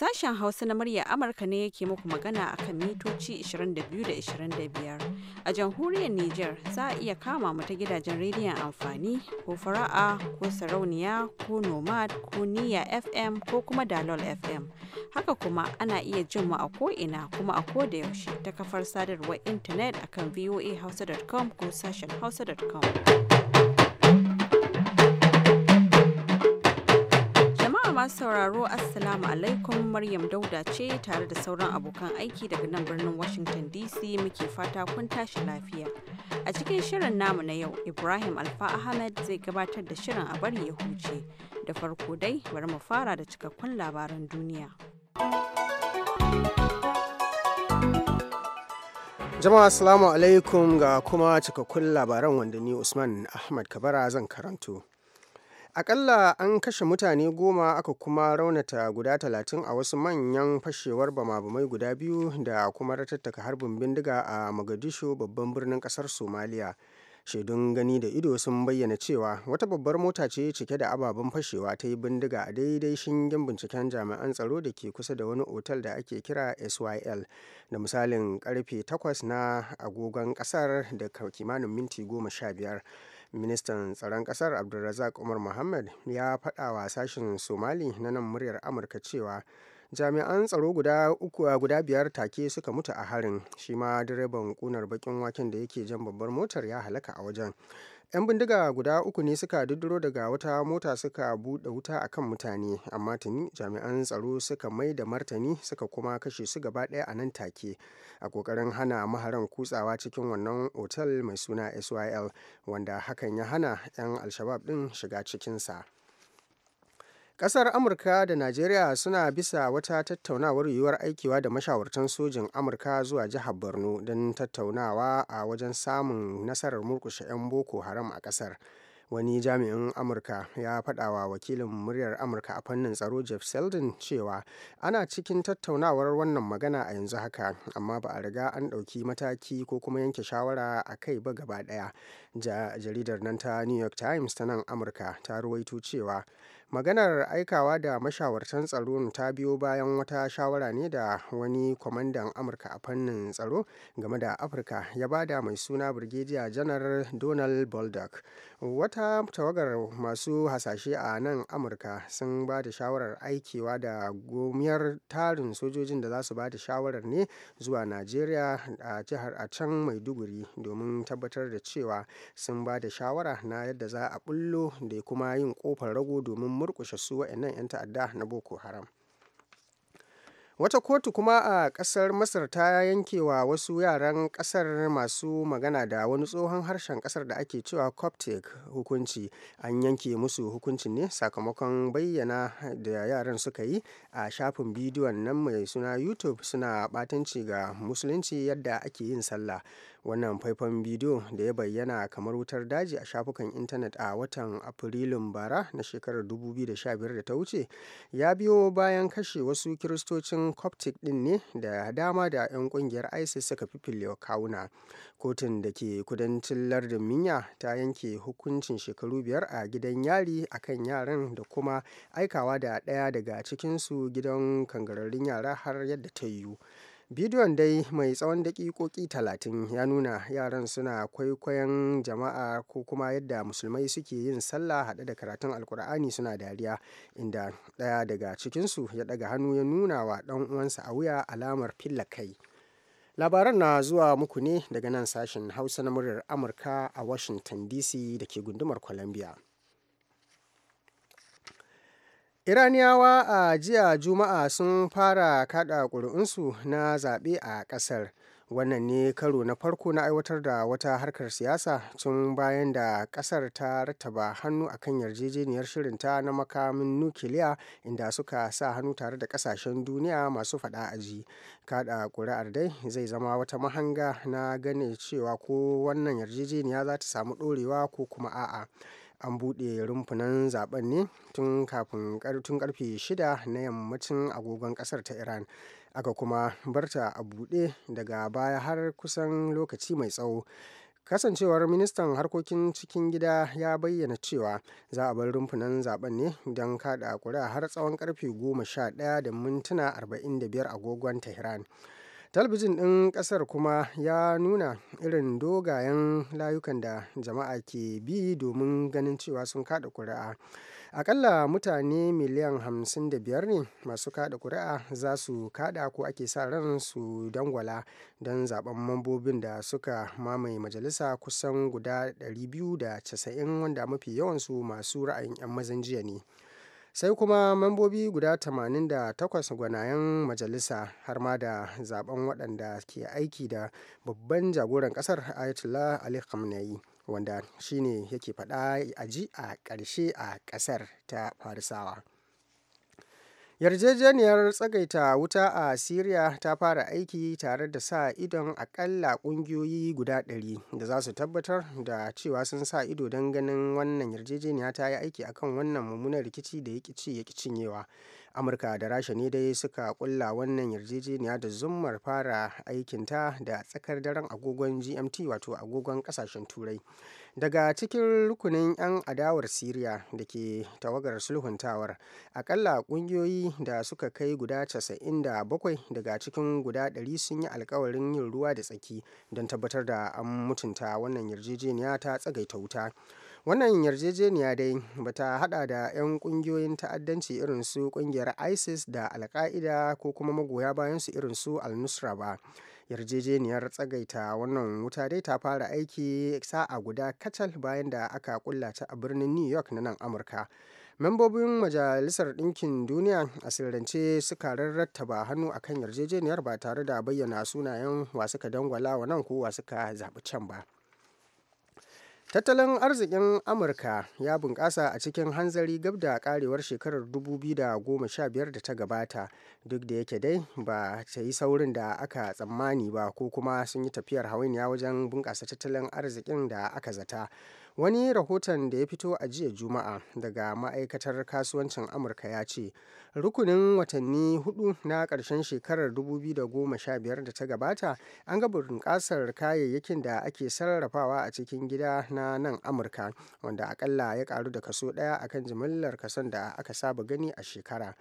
Sashen Hausa na murya Amurka ne yake muku magana a kan mitoci 22 da 25. A jamhuriyar Nijar za a iya kama mu ta gidajen rediyon amfani ko fara'a ko sarauniya ko nomad ko niya FM ko kuma dalol FM. Haka kuma ana iya jin mu a ko'ina kuma a ko da yaushe ta kafar sadarwar intanet akan voahausa.com ko sashen hausa.com. masu sauraro Assalamu alaikum Maryam Dauda ce tare da sauran abokan aiki daga nan birnin Washington DC muke fata kun tashi lafiya. A cikin shirin namu na yau, Ibrahim Alfa Ahmed zai gabatar da shirin a bari ya huce. Da farko dai bari mu fara da cikakkun labaran duniya. Jama'a Assalamu alaikum ga kuma cikakkun labaran wanda ni Usman Ahmad Kabara zan karanto. Aƙalla an kashe mutane goma aka kuma raunata guda talatin a wasu manyan fashewar bama-bamai guda biyu da kuma ratattaka harbin bindiga a Mogadishu babban birnin ƙasar Somaliya. shaidun gani da ido sun bayyana cewa wata babbar mota ce cike da ababen fashewa ta yi bindiga a daidai shingen binciken jami'an tsaro da ke kusa da wani otal da ake kira syl da misalin karfe 8 na agogon kasar da kimanin minti 15 ministan tsaron kasar abdulrazak umar muhammad ya faɗa wa sashen somali na nan muryar amurka cewa jami'an tsaro guda uku guda biyar take suka mutu a harin shi ma direban kunar bakin waken da yake jan babbar motar ya halaka a wajen 'yan bindiga guda uku ne suka duduro daga wata mota suka buɗe wuta a kan mutane amma tuni jami'an tsaro suka mai da martani suka kuma kashe su gaba ɗaya a nan take a ƙoƙarin hana maharan kutsawa cikin wannan otal mai suna syl wanda hakan ya hana 'yan alshabab ɗin shiga cikinsa Ƙasar Amurka da Najeriya suna bisa wata tattaunawar yiwuwar aikiwa da mashawartan sojin Amurka zuwa jihar Borno don tattaunawa a wajen samun nasarar murkushe 'yan Boko Haram a ƙasar. Wani jami'in Amurka ya faɗawa wakilin muryar Amurka a fannin tsaro Jeff Seldon cewa ana cikin tattaunawar wannan magana a yanzu haka, amma ba a riga an ɗauki mataki ko kuma yanke shawara a kai ba gaba ɗaya. jaridar nan ta New York Times ta nan Amurka ta ruwaito cewa maganar aikawa da mashawartan tsaro ta biyo bayan wata shawara ne da wani kwamandan amurka a fannin tsaro game da afirka ya ba da mai suna brigadier janar donald baldock wata tawagar masu hasashe a nan amurka sun ba da shawarar aikewa da gomiyar tarin sojojin da za su ba da shawarar ne zuwa nigeria a jihar a can maiduguri domin tabbatar da cewa sun ba da shawara na yadda za a bullo da kuma yin kofar rago domin murƙushe su wa'annan 'yan ta'adda na boko haram wata kotu kuma a ƙasar masar ta yanke wa wasu yaran ƙasar masu magana da wani tsohon harshen ƙasar da ake cewa coptic hukunci an yanke musu hukunci ne sakamakon bayyana da yaran suka yi a shafin bidiyon nan mai suna youtube suna batanci ga musulunci yadda ake yin sallah wannan faifan bidiyo da ya bayyana kamar wutar daji a shafukan intanet a watan afrilun bara na shekarar 2015 da ta wuce ya biyo bayan kashe wasu kiristocin coptic din ne da dama da 'yan kungiyar isis suka fifile kawuna kotun da ke kudancin lardin minya ta yanke hukuncin shekaru biyar a gidan yari a kan yaran da kuma aikawa da ɗaya daga cikinsu gidan kangararrun yara har yadda ta yiwu bidiyon dai mai tsawon dakikoki talatin ya nuna yaran suna kwaikwayon jama'a ko kuma yadda musulmai suke yin sallah haɗe da karatun alkur'ani suna dariya inda ɗaya daga cikinsu ya ɗaga hannu ya nuna wa ɗan uwansa a wuya alamar filla kai labaran na zuwa muku ne daga nan sashen hausa na muryar amurka a washington dc da ke gundumar columbia Iraniyawa a jiya Juma'a sun fara kaɗa ƙuri'unsu na zaɓe a ƙasar. Wannan ne karo na farko na aiwatar da wata harkar siyasa tun bayan da ƙasar ta rattaba hannu a kan yarjejeniyar shirinta na makamin nukiliya inda suka sa hannu tare da ƙasashen duniya masu faɗa aji ji. Kaɗa ƙuri'ar dai zai zama wata mahanga na gane cewa ko wannan yarjejeniya za ta samu ɗorewa ko kuma a'a. an buɗe rumfunan zaben ne tun kafin tun karfe shida na yammacin agogon ƙasar ta iran aka kuma barta a buɗe daga baya har kusan lokaci mai tsawo kasancewar ministan harkokin cikin gida ya bayyana cewa za a bar rumfunan zaben ne don kada kura har tsawon karfe goma sha ɗaya da mintuna 45 agogon tehran talabijin ɗin ƙasar kuma ya nuna irin dogayen layukan da jama'a ke bi domin ganin cewa sun kada kuri'a akalla mutane miliyan 55 ne masu kada kuri'a za su kada ko ake sa ran su dangwala don zaben mambobin da suka mamaye majalisa kusan guda 290 wanda mafi yawansu masu ra'ayin 'yan mazan jiya ne sai kuma mambobi guda 88 gwanayen majalisa har ma da zaben waɗanda ke aiki da babban jagoran ƙasar ayatollah ali khamenei wanda shine yake faɗa a ji a ƙarshe a ƙasar ta farisawa. Yarjejeniyar tsagaita wuta a Siriya ta fara aiki tare da sa idon akalla ƙungiyoyi guda ɗari da za su tabbatar da cewa sun sa ido don ganin wannan yarjejeniya ta yi aiki akan wannan mummunan rikici da ya ƙi ci ya ƙi cinyewa. amurka da rasha ne dai suka kulla wannan yarjejeniya da zummar fara aikinta da tsakar daren agogon gmt wato agogon kasashen turai daga cikin rukunin 'yan adawar syria da ke tawagar sulhuntawar akalla kungiyoyi da suka kai guda 97 daga cikin guda 100 sun yi alkawarin yin ruwa da tsaki don tabbatar da an mutunta wannan yarjejeniya ta tsagaita wuta wannan yarjejeniya dai ba ta hada da 'yan kungiyoyin ta'addanci irin su kungiyar isis da alka'ida ko kuma magoya bayan su irin su al-nusra ba yarjejeniyar tsagaita wannan wuta dai ta fara aiki sa'a guda kacal bayan da aka kulla ta a birnin new york na nan amurka membobin majalisar ɗinkin duniya a sirrance suka rarrattaba hannu akan yarjejeniyar ba tare da bayyana sunayen wasu ka dangwala wa nan ko wasu ka zaɓi can ba Tattalin arzikin Amurka ya bunƙasa a cikin hanzari gab da karewar shekarar 2015 da ta gabata, duk da yake dai ba ta yi saurin da aka tsammani ba ko kuma sun yi tafiyar hawainiya wajen bunƙasa tattalin arzikin da aka zata. wani rahoton da ya fito a jiya juma'a daga ma'aikatar kasuwancin amurka ya ce rukunin watanni hudu na ƙarshen shekarar 2015 da ta gabata an ga bunƙasar kayayyakin da ake sarrafawa a cikin gida na nan amurka wanda akalla ya karu da kaso ɗaya akan jimillar kason da aka saba gani a shekara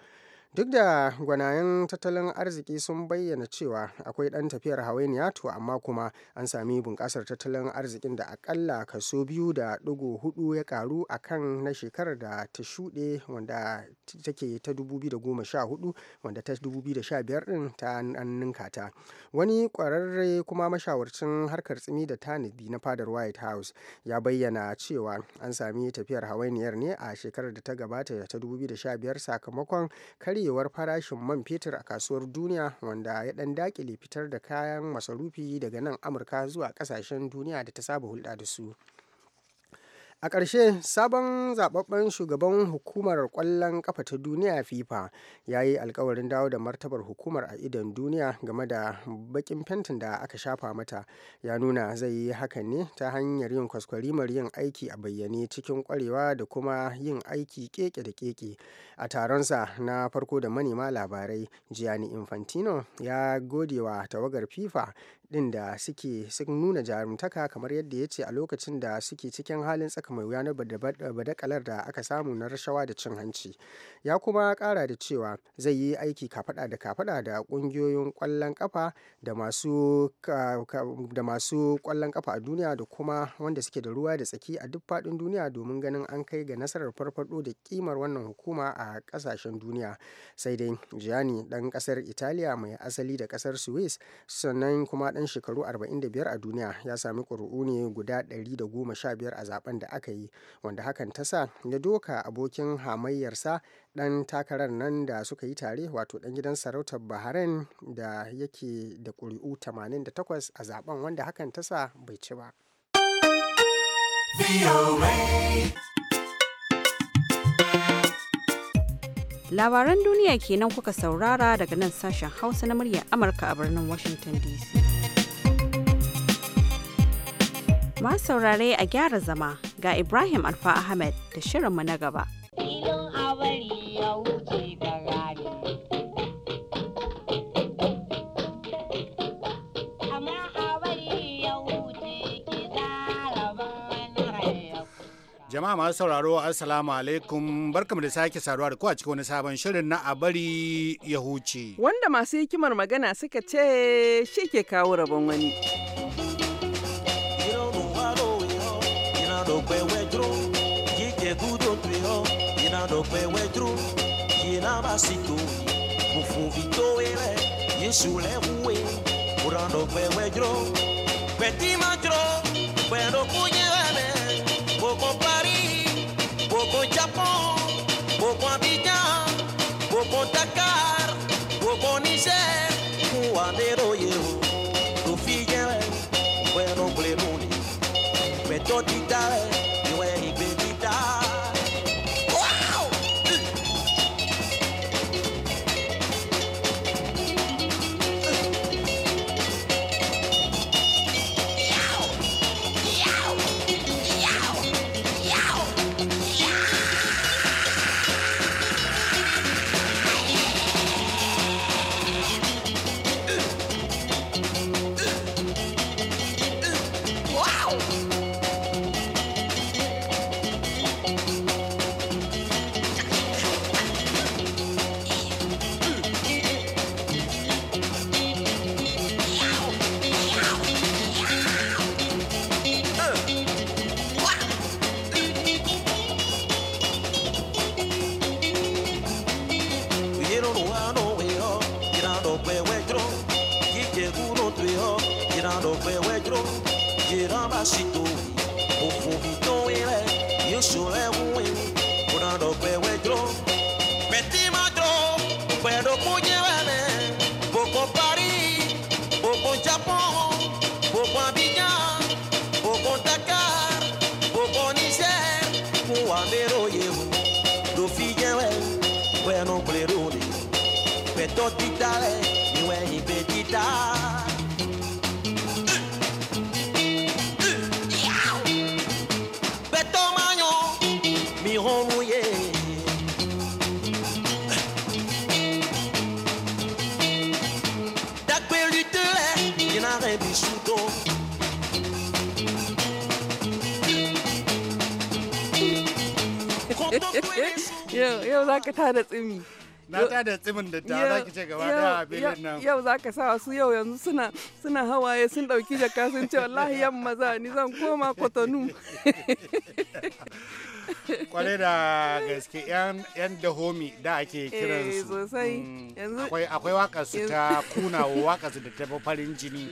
Duk da gwanayen tattalin arziki sun bayyana cewa akwai ɗan tafiyar hawainiya to amma kuma an sami bunƙasar tattalin arzikin da aƙalla kaso biyu da ɗigo hudu ya ƙaru a kan na shekarar da ta shuɗe wanda take ta 2014 wanda ta 2015 ɗin ta ninka ta. Wani ƙwararre kuma mashawarcin harkar tsimi da tanadi na fadar White House ya bayyana cewa an sami tafiyar hawainiyar ne a shekarar da ta gabata ta 2015 sakamakon kari karyewar farashin man fetur a kasuwar duniya wanda ya ɗan dakile fitar da kayan masarufi daga nan Amurka zuwa ƙasashen duniya da ta saba hulɗa da su. a ƙarshe sabon zaɓaɓɓen shugaban hukumar ƙwallon ƙafa ta duniya fifa ya yi alkawarin dawo da martabar hukumar a idon duniya game da bakin fentin da aka shafa mata ya nuna zai yi hakan ne ta hanyar yin kwaskwarimar yin aiki a bayyane cikin ƙwarewa da kuma yin aiki keke da keke a taronsa na farko da manema labarai gianni infantino ya gode wa tawagar fifa din da suke sun nuna jarumtaka kamar yadda ya ce a lokacin da suke cikin halin tsaka mai ranar badakalar da aka samu na rashawa da cin hanci ya kuma kara da cewa zai yi aiki kafada da kafada da kungiyoyin kwallon kafa da masu kwallon kafa a duniya da kuma wanda suke da ruwa da tsaki a duk faɗin duniya domin ganin an kai ga nasarar farfado da kimar wannan hukuma a kasashen duniya sai dai Gianni dan kasar Italiya mai asali da kasar Swiss sannan kuma dan shekaru 45 a duniya ya sami ƙuri'u ne guda 115 a zaben da aka aka yi wanda hakan ta sa ya doka abokin hamayyarsa dan takarar nan da suka yi tare wato dan gidan sarautar bahrain da yake da ƙuri'u 88 a zaben wanda hakan ta sa bai ci ba. Labaran duniya kenan kuka saurara daga nan sashen Hausa na muryar Amurka a birnin Washington DC. Masu saurare a gyara zama ga Ibrahim Alfa Ahmed da shirinmu na gaba. Jama'a masu sauraro Assalamu alaikum barkamu da sake saduwa da kowa cikin wani sabon shirin na a bari ya huce. Wanda masu hikimar magana suka ce shi ke kawo rabon wani. pe we Yike gudo tuyo Yina do pe wedru Yina basitu Mufu vito ele Yesu le vue do, pe do, Peti matro Pero kuye ele Boko Paris Boko Japon Boko Abidjan Boko Dakar yau za ka tada tsimi na ta da tsimin da ta za ki ce gaba da filin nan yau za ka sa su yau yanzu suna suna hawaye sun dauki jaka sun ce wallahi yamma za ni zan koma kotonu kwarai da gaske yan da homi da ake eh, kiran su mm, akwai akwai wakar su ta kunawo wakar su da tafi farin jini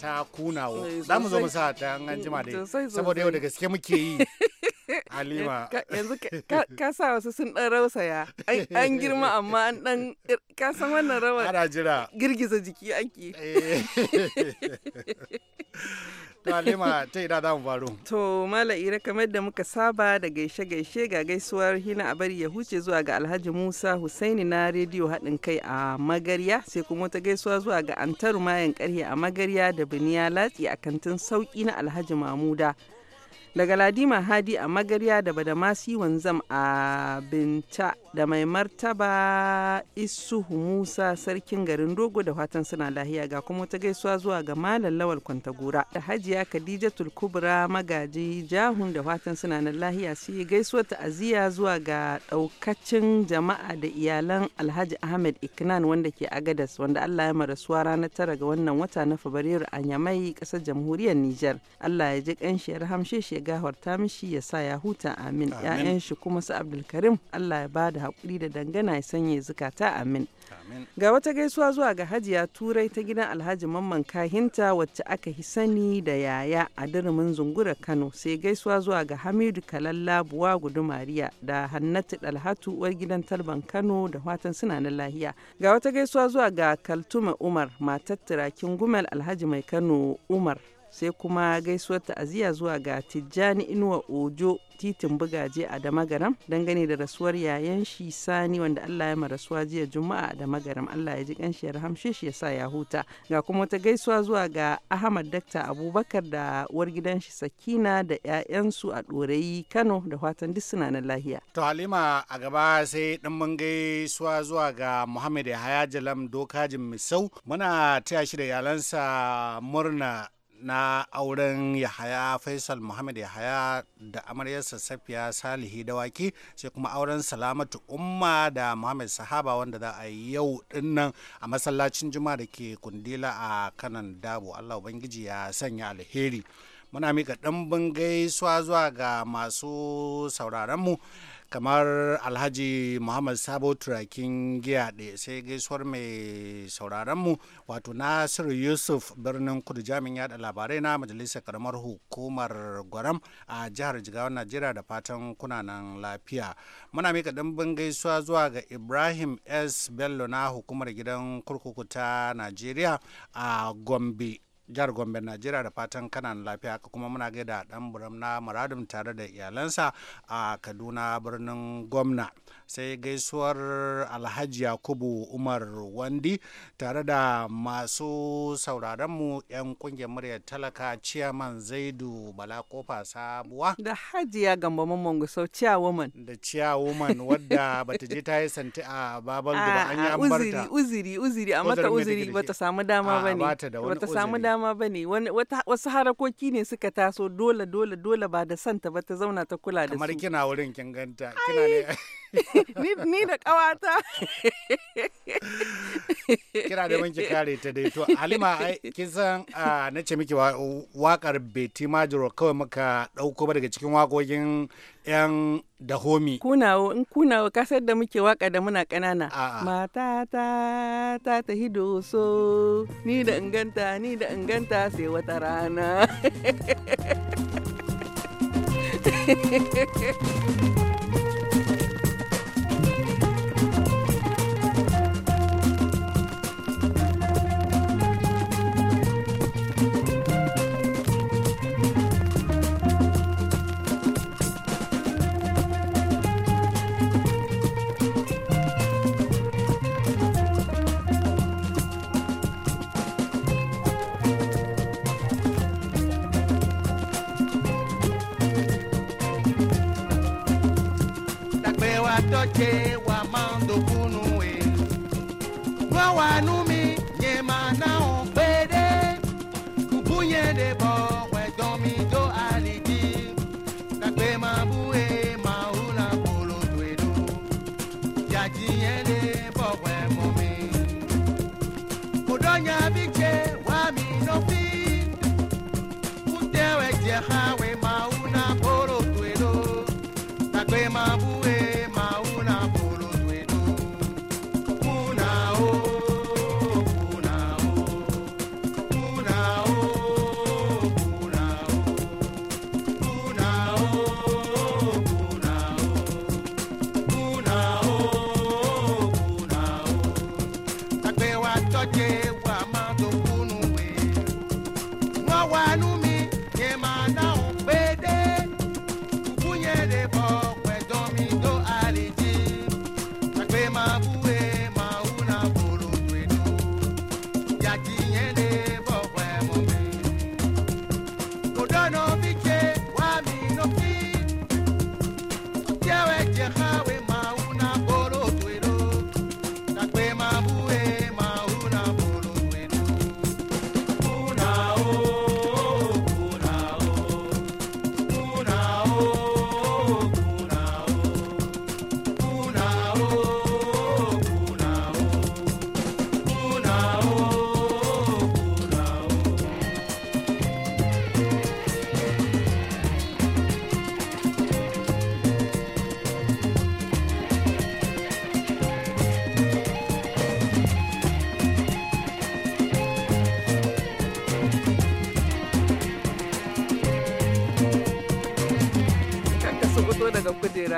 ta kunawo eh, za mu zo mu sa ta an jima dai mm, saboda yau da gaske muke yi halima yanzu ka sa wasu sun dan rausaya an girma amma an dan ka san wannan rawa ana jira girgiza jiki ake eh. to halima ta ina za mu to mala ira kamar da muka saba da gaishe gaishe ga gaisuwar hina a bari ya huce zuwa ga alhaji musa Hussaini na rediyo haɗin kai a magarya sai kuma ta gaisuwa zuwa ga antaru mayan karhe a magarya da biniya latsi a kantin sauƙi na alhaji mamuda daga Ladima Hadi a Magarya da Badamasi Wanzam a Binta da mai martaba isuhu musa sarkin garin dogo da fatan suna lahiya ga kuma ta gaisuwa zuwa ga malam lawal kwantagora da hajiya khadija tulkubra magaji jahun da fatan suna na lahiya su yi gaisuwar ta'aziyya zuwa ga daukacin jama'a da iyalan alhaji ahmed iknan wanda ke agadas wanda allah ya marasuwa ranar tara ga wannan wata na fabrairu a nyamai kasar jamhuriyar niger allah ya ji kanshi ya rahamshe shi ya gafarta mishi ya sa ya huta amin 'ya'yan shi kuma su abdulkarim allah ya bada da haƙuri da dangana ya sanya zukata amin. Ga wata gaisuwa zuwa ga hajiya turai ta gidan alhaji mamman kahinta wacce aka hi sani da yaya a dirimin zungura Kano sai gaisuwa zuwa ga Hamidu Kalalla Buwa Gudumariya da Hannatu Dalhatu uwar gidan Talban Kano da watan suna na lahiya. Ga wata gaisuwa zuwa ga Kaltuma Umar matar turakin Gumel Alhaji Mai Kano Umar sai kuma gaisuwar ta'aziyya zuwa ga Tijjani Inuwa Ojo titin bugaje a Damagaram dangane da rasuwar yayan shi Sani wanda Allah ya rasuwa jiya Juma'a a Damagaram Allah ya ji kanshi ya rahamshe shi ya sa ya huta ga kuma wata gaisuwa zuwa ga Ahmad Dakta Abubakar da uwar gidanshi Sakina da ya'yansu a ɗorayi Kano da fatan duk suna na lahiya to Halima a gaba sai dan mun gaisuwa zuwa ga Muhammad ya Yahaya Jalam Dokajin Misau muna taya shi da yalansa murna na auren yahaya faisal muhammad yahaya da amaryarsa safiya salihi dawaki sai kuma auren salamatu umma da muhammad sahaba wanda za a yi yau dinnan a masallacin juma da ke kundila a kanan dabo allah ubangiji ya sanya alheri muna mika ɗimbin gaisuwa zuwa ga masu sauraronmu mu kamar alhaji muhammad sabo turakin giya ɗaya sai gaisuwar mai sauraronmu wato nasiru yusuf birnin kudu jami'in yada labarai na majalisar karamar hukumar gwaram a jihar jigawa najeriya da fatan kunanan lafiya muna mika ɗimbin gaisuwa zuwa ga ibrahim s bello na hukumar gidan kurkuku ta najeriya a gombe jihar gombe najeriya da fatan kana lafiya haka kuma muna gaida dan buram na muradun tare da iyalansa a kaduna birnin gwamna sai gaisuwar alhaji yakubu umar wandi tare da masu sauraronmu 'yan kungiyar muryar talaka ciyaman zaidu bala kofa sabuwa da hajiya gamba mamman gusau ciyawoman da ciyawoman wadda bata je ta yi santi a babal ba an yi ambarta uziri uziri a mata uziri bata samu dama bane bata samu dama bane wasu harakoki ne suka taso dole dole dole ba da santa ba ta zauna ta kula da su kamar kina wurin kin ganta kina ne ni da ƙawata kira da wanke kare ta dai to halima kin san na ce miki wakar beti majiro kawai muka ɗauko ba daga cikin wakokin yan dahomi kunawo in kunawo kasar da muke waka da muna ƙanana mata ta ta ta hido so ni da inganta ni da inganta sai wata rana care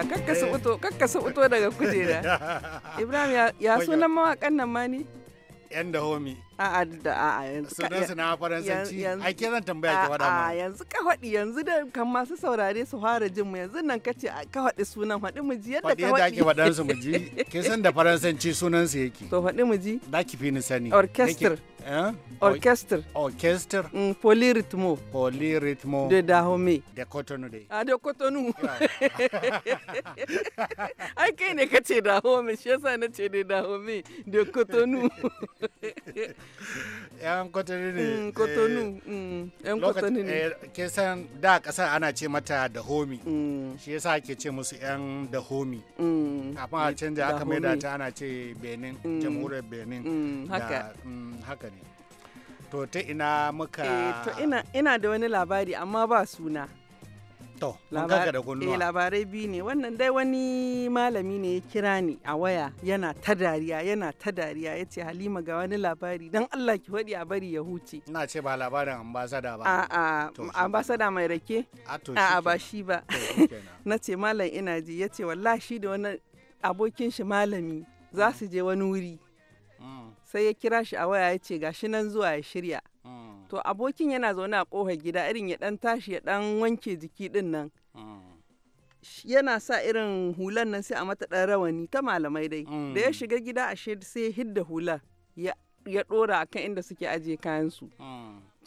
kujera kakka eh. su daga kujera ibrahim ya sunan mawakan nan ma ne yan da homi a'a da a yanzu sunan su na faransanci ai ke zan tambaya ki wada ma yanzu ka faɗi yanzu da kan masu saurare su fara jin mu yanzu nan kace ka faɗi sunan faɗi mu ji yadda ka faɗi yadda ake faɗan su mu ji ke san da faransanci sunan su yake to faɗi mu ji da ki fi ni sani orchestra orchestre orchestre mm, polyrythmo polyrythmo de da kotonu de ai kai ne kace dahome shi yasa na ce da dahome de kotonu yan kotonu ne kotonu yan cotonou ne ke san da kasar ana ce mata dahome shi yasa ake ce musu yan dahome kafin a canja aka ta ana ce benin jamhuriyar benin haka to ta ina muka eh, to ina ina da wani labari amma ba suna to labarai da kunnuwa eh labarai biyu ne wannan dai wani malami ne ya kira ni a waya yana ta dariya yana ta dariya ya ce Halima ga wani labari don Allah ki waɗi a bari ya huce ina ce ba labarin ambasada ba a ambasada mai rake a a ba shi ba na ce malam ina ji ya wallahi shi da wani abokin shi malami za su je wani wuri sai ya kira shi a waya ya ce gashi nan zuwa ya shirya mm. to abokin yana zaune a kofar gida irin ya dan tashi ya dan wanke jiki din nan mm. yana sa irin hulan nan sai a mata dan rawani ta malamai dai mm. da ya shiga gida ashe sai ya hidda hular ya ya a akan inda suke ajiye kayansu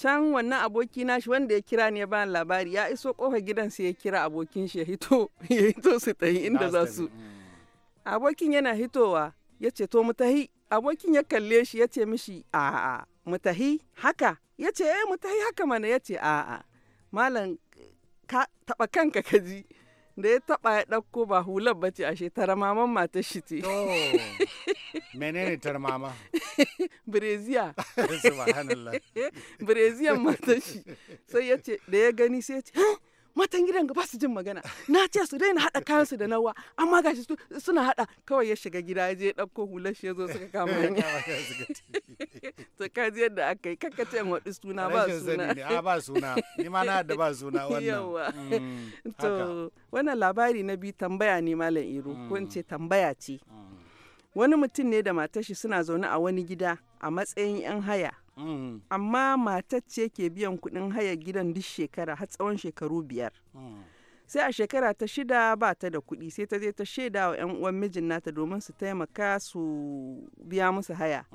can wannan aboki nashi wanda ya kira ne bani labari ya iso kofar gidan sai ya kira abokin shi ya hito ya hito su tahi inda za abokin yana hitowa ya ce to mu tahi abokin ya kalle shi ya ce mishi a'a mutahi haka ya ce eh mutahi haka mana ya ce a'a malam ka taba kanka ka ji da ya taba ya ɗauko ba hular ba ce ashe taramaman matar shi ce. menene taramama? Breziya. Breziyan matar shi. Sai ya ce da ya gani sai ya ce matan gidan ga ba su jin magana na ce su daina haɗa kayan su da nawa amma gashi suna haɗa kawai ya shiga gida ya je ɗauko hular shi ya zo suka kama ne to ka ji yadda aka yi kakka ce waɗi suna ba suna a ba suna ni ma na da ba suna wannan yawa mm, to wannan labari na bi tambaya ne malam iro mm. ko in ce tambaya ce mm. wani mutum ne da matar shi suna zaune a wani gida a matsayin yan haya amma matar ce ke biyan kuɗin haya gidan duk shekara har tsawon shekaru biyar sai a shekara ta shida ba ta da kuɗi sai ta je ta shaida wa 'yan uwan mijin nata domin su taimaka su biya musu haya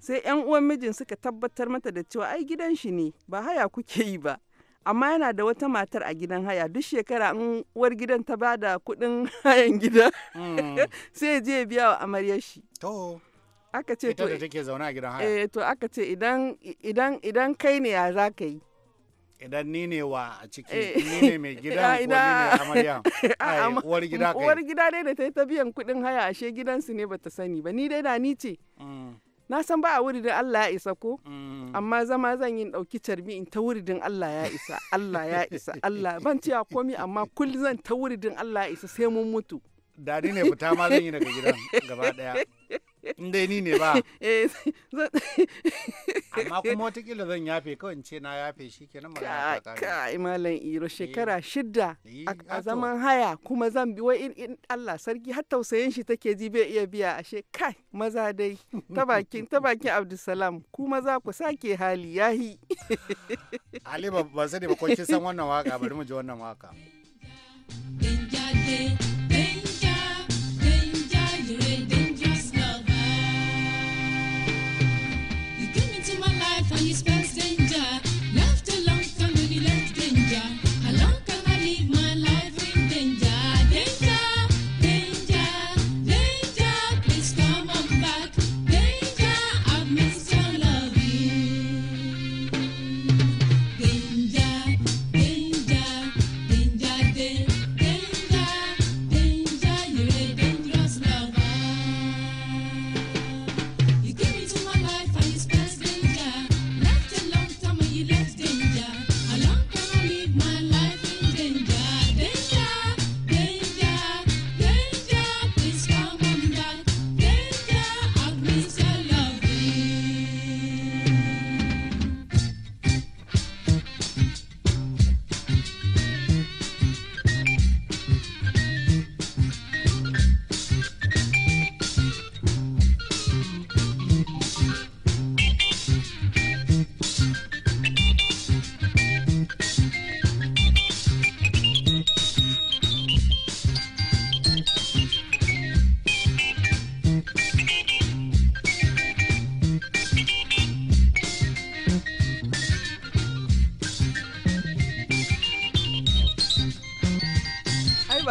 sai 'yan uwan mijin suka tabbatar mata da cewa ai gidan shi ne ba haya kuke yi ba amma yana da wata matar a gidan haya duk shekara in uwar gidan ta bada kuɗin hayan gida hmm. sai je biya wa amaryar shi aka ce to da take zaune a gidan haya eh to aka ce idan idan idan kai ne ya za ka yi idan ni ne wa a ciki eh. ni ne mai gida ko ni ne amarya uwar gida kai uwar gida dai da ta yi ta biyan kuɗin haya ashe gidansu ne bata sani ba ni dai da ni ce mm. na san ba a wuridin Allah ya isa ko mm. amma zama zan yi ɗauki carbi in ta wuridin Allah ya isa Allah ya isa Allah ban ciya komi amma kullum zan ta wuridin Allah ya isa sai mun mutu dadi ne fita ma zan yi daga gidan gaba daya dai ni ne ba eh, amma kuma watakila zan yafe kawai ce na yafe shi kenan magana ta kai malam iro eh. shekara shida eh, a zaman haya kuma zan bi wai in Allah sarki har tausayin shi take ji bai iya biya ashe kai maza dai ta bakin ta bakin Abdulsalam ku maza ku sake hali yahi Ali ba sani ba ko kin san wannan waka bari mu ji wannan waka Thank you.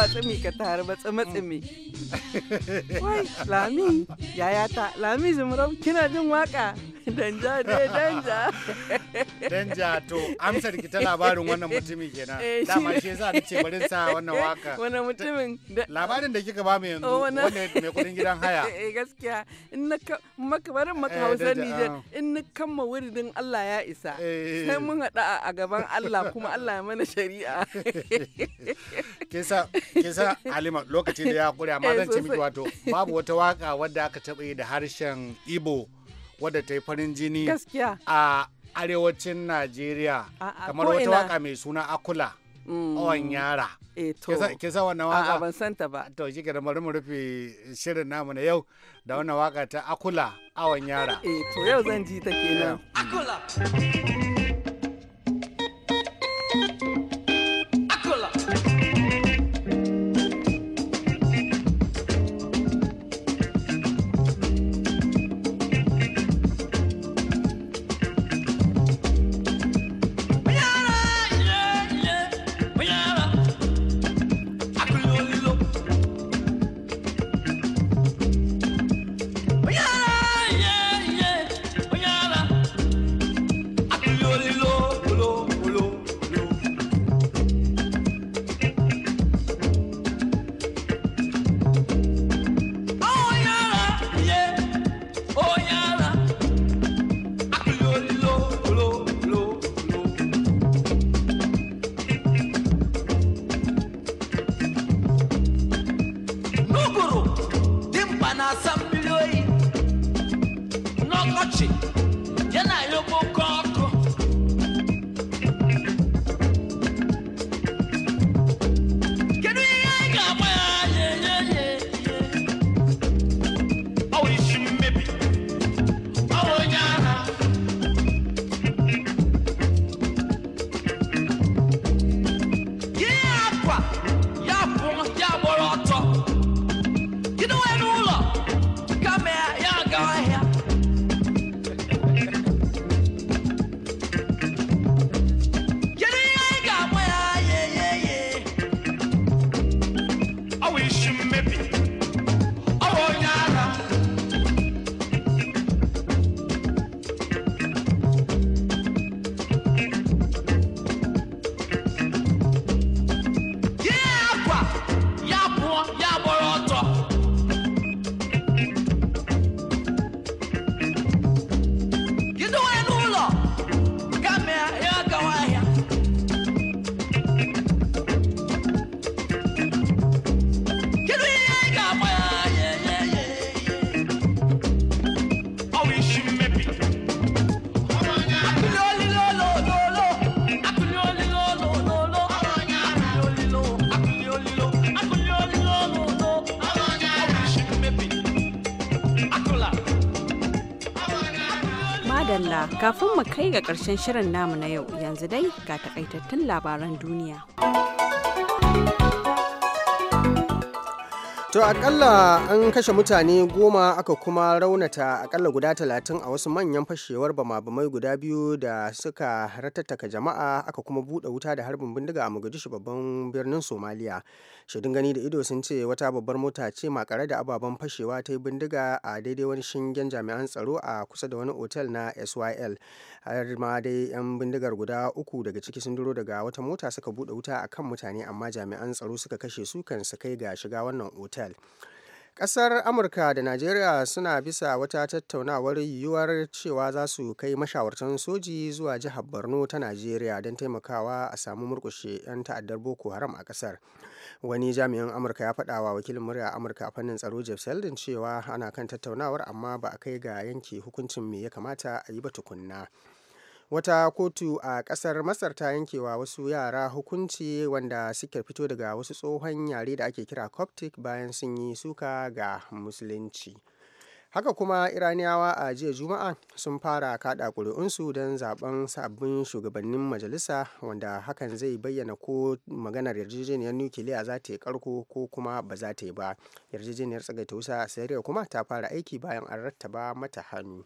tsimi ka tare ba mm. tsima wai lami ta, lami zumrau kina jin waka danja dai danja danja to amsar ki ta labarin wannan mutumin kenan eh, dama shi yasa na ce bari sa wannan waka wannan mutumin labarin da kika ba mu yanzu oh, wanda mai kudin gidan haya eh gaskiya in na maka barin maka eh, Hausa Niger oh. in na kamma wuridin Allah ya isa eh. sai mun hada a gaban Allah kuma Allah ya mana shari'a kisa kisa Halima lokaci da ya kure amma zan ce miki wato babu wata waka wadda aka taɓa yi da harshen Igbo wadda ta yi farin jini a arewacin najeriya kamar wata waka mai suna akula mm. Owan yara. Eh, ke sa wannan waka? ban santa ba. To shi kenan mu rufe shirin namu na yau da wannan waka ta akula awan yara. Eto eh, yau zan ji ta kenan. Mm. Akula. madalla kafin mu kai ga ƙarshen shirin namu na yau yanzu dai ga takaitattun labaran duniya. To akalla an kashe mutane goma aka kuma raunata akalla guda talatin a wasu manyan fashewar bama-bamai guda biyu da suka ratattaka jama'a aka kuma buɗe wuta da harbin bindiga a Mogadishu babban birnin Somaliya. Shaidun gani da ido sun ce wata babbar mota ce makare da ababen fashewa ta yi bindiga a daidai wani shingen jami'an tsaro a kusa da wani otel na SYL. Har ma dai 'yan bindigar guda uku daga ciki sun duro daga wata mota suka buɗe wuta akan mutane amma jami'an tsaro suka kashe su kan su kai ga shiga wannan otel. Capital. kasar amurka da najeriya suna bisa wata tattaunawar yiwuwar cewa za su kai mashawartan soji zuwa jihar borno ta najeriya don taimakawa a samu murkushe 'yan ta'addar boko haram a ƙasar. wani jami'in amurka ya faɗa wa wakilin murya amurka a fannin tsaro jeff seldon cewa ana kan tattaunawar amma ba a kai ga yanke hukuncin me ya kamata a yi ba tukunna wata kotu a kasar masar ta yankewa wasu yara hukunci wanda suka fito daga wasu tsohon yare da ake kira coptic bayan sun yi suka ga musulunci haka kuma iraniyawa a jiya juma'a sun fara kada ƙuri'unsu don zaben sabbin shugabannin majalisa wanda hakan zai bayyana ko maganar yarjejeniyar nukiliya za ta yi karko ko kuma ba za ta yi ba yarjejeniyar tsagaita wusa a kuma ta fara aiki bayan an rattaba mata hannu